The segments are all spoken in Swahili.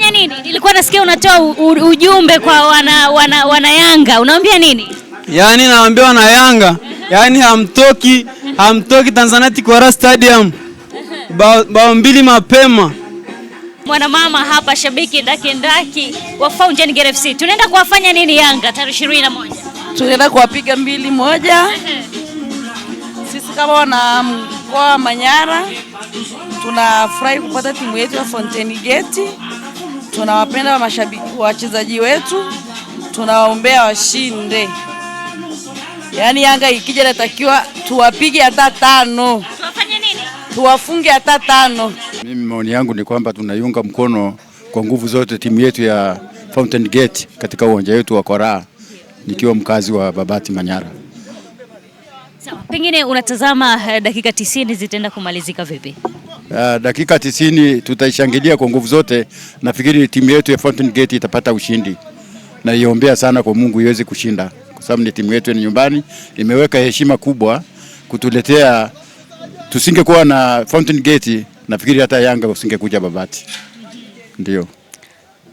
Unafanya nini? Nilikuwa nasikia unatoa ujumbe kwa wana, wana, wana Yanga, unawaambia nini? Yaani nawaambia wana Yanga, yaani hamtoki hamtoki Tanzania Tikwara Stadium bao, bao mbili mapema. Mwanamama hapa shabiki ndaki ndaki wa Fountain Gate FC, tunaenda kuwafanya nini Yanga tarehe 21? Tunaenda kuwapiga mbili moja. Sisi kama wana mkoa Manyara tunafurahi kupata timu yetu ya Fountain Gate tunawapenda mashabiki wachezaji wetu, tunawaombea washinde. Yaani Yanga ikija natakiwa tuwapige hata tano, tuwafanye nini? Tuwafunge hata tano. Mimi maoni yangu ni kwamba tunaiunga mkono kwa nguvu zote timu yetu ya Fountain Gate katika uwanja wetu wa Koraa, nikiwa mkazi wa Babati Manyara. Sawa, pengine unatazama eh, dakika tisini zitaenda kumalizika vipi? Uh, dakika tisini tutaishangilia kwa nguvu zote. Nafikiri timu yetu ya Fountain Gate itapata ushindi. Naiombea sana kwa Mungu iweze kushinda kwa sababu ni timu yetu, ya nyumbani, imeweka heshima kubwa kutuletea. Tusingekuwa na Fountain Gate, nafikiri hata Yanga usingekuja Babati. Ndio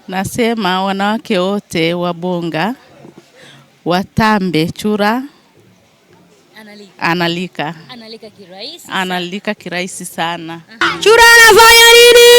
nasema wanawake wote wa Bonga watambe chura analika, analika, analika kirahisi sana. Chura anafanya nini?